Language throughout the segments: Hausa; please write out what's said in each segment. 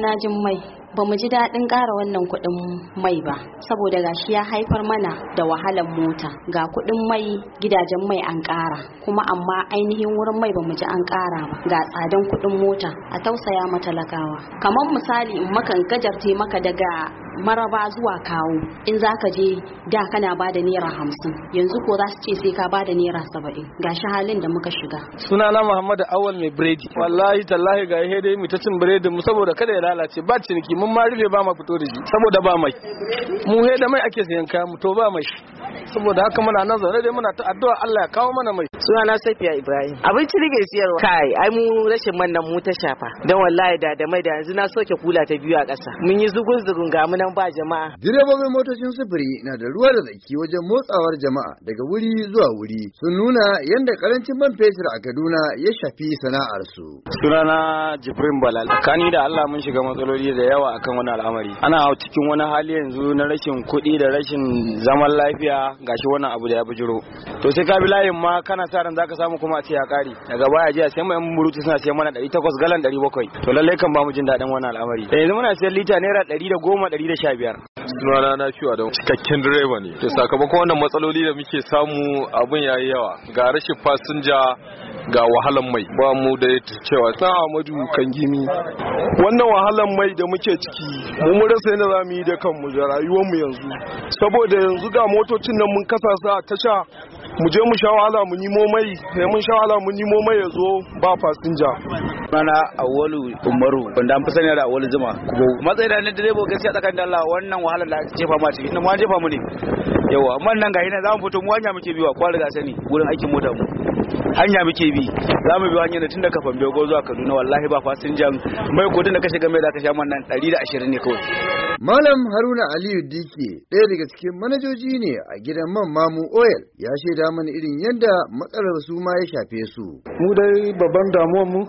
na jin mai ba mu ji daɗin ƙara wannan kuɗin mai ba saboda gashi ya haifar mana da wahalar mota ga kuɗin mai gidajen mai an ƙara kuma amma ainihin wurin mai ba mu ji an ƙara ba ga tsadan kuɗin mota a tausaya matalakawa kamar misali in makan gajarte maka daga maraba zuwa kawo in za ka je da kana ba da naira hamsin yanzu ko za su ce sai ka ba da naira saba'in ga shi halin da muka shiga sunana muhammadu awal mai biredi wallahi tallahi ga ihe dai mu ta cin biredi mu saboda kada ya lalace ba ciniki mun ma rufe ba ma fito da shi saboda ba mai mu he da mai ake sayan kaya mu to ba mai saboda haka muna nan zaune dai muna ta addu'a Allah ya kawo mana mai sunana safiya ibrahim abinci ne siyarwa kai ai mu rashin man nan mu ta shafa dan wallahi da da mai da yanzu na soke kula ta biyu a ƙasa mun yi zugun zugun ga mu na nan ba jama'a. Direbobin motocin sufuri na da ruwa da tsaki wajen motsawar jama'a daga wuri zuwa wuri sun nuna yadda karancin man fetur a Kaduna ya shafi sana'arsu. Sunana Jibrin Balal. Kani da Allah mun shiga matsaloli da yawa akan wani al'amari. Ana cikin wani hali yanzu na rashin kuɗi da rashin zaman lafiya gashi wannan abu da ya bujiro. To sai ka bi layin ma kana sa ran zaka samu kuma a ce ya kare. Daga baya jiya sai yan burutu suna sai mana 800 galan 700. To lallai kan ba mu jin daɗin wannan al'amari. Da yanzu muna sayar lita naira 110 da sha biyar. na shi don cikakken direba ne. Da sakamakon wannan matsaloli da muke samu abin ya yi yawa. Ga rashin fasinja ga wahalan mai. Ba mu da cewa San Ahmadu kan gimi. Wannan wahalan mai da muke ciki mu mu rasa yadda za mu yi da kanmu da rayuwarmu yanzu. Saboda yanzu ga motocin nan mun kasa sa a tasha mu je mu sha wahala mu nemo mai. Sai mun sha wahala mu nemo mai ya zo ba fasinja. Mana Awolu Umaru wanda an fi sani da Awolu Zuma. Matsayi da ni direbo gaskiya tsakan da Allah wannan wahalar da ake fama ma ciki. Ina ma jefa mu ne. Yawa amma nan ga hina za mu fito mu hanya muke biwa kwa riga sani wurin aikin mota mu. Hanya muke bi za mu bi hanyar tunda da kafan Bego zuwa Kaduna wallahi ba fasinjan mai kodin da kashe game da kashe man nan 120 ne kawai. Malam Haruna Aliyu Dike ɗaya daga cikin manajoji ne a gidan man Mamu Oil ya shaida mana irin yadda matsalar su ma ya shafe su. Mu dai babban damuwar mu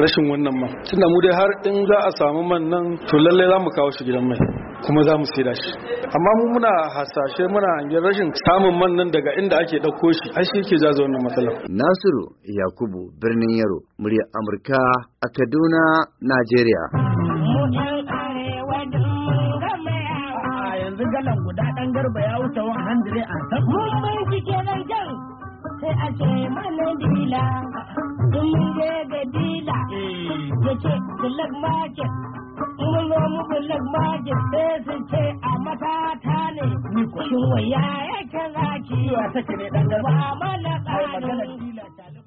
rashin wannan man tunda mu dai har in za a samu man nan to lalle za mu kawo shi gidan mai kuma za mu saida shi amma mu muna hasashe muna hangen rashin samun man nan daga inda ake ɗauko shi ai shi yake jaza wannan matsalar Nasiru Yakubu birnin Yaro murya Amurka a Kaduna Najeriya yanzu galan guda garba ya wuce dire a mun mai kike nan jan sai a ce malam dila Allah ya ce market mun zo mu bulak market sai eh, su ce a matata ne shin ya yake zaki ba mana tsarin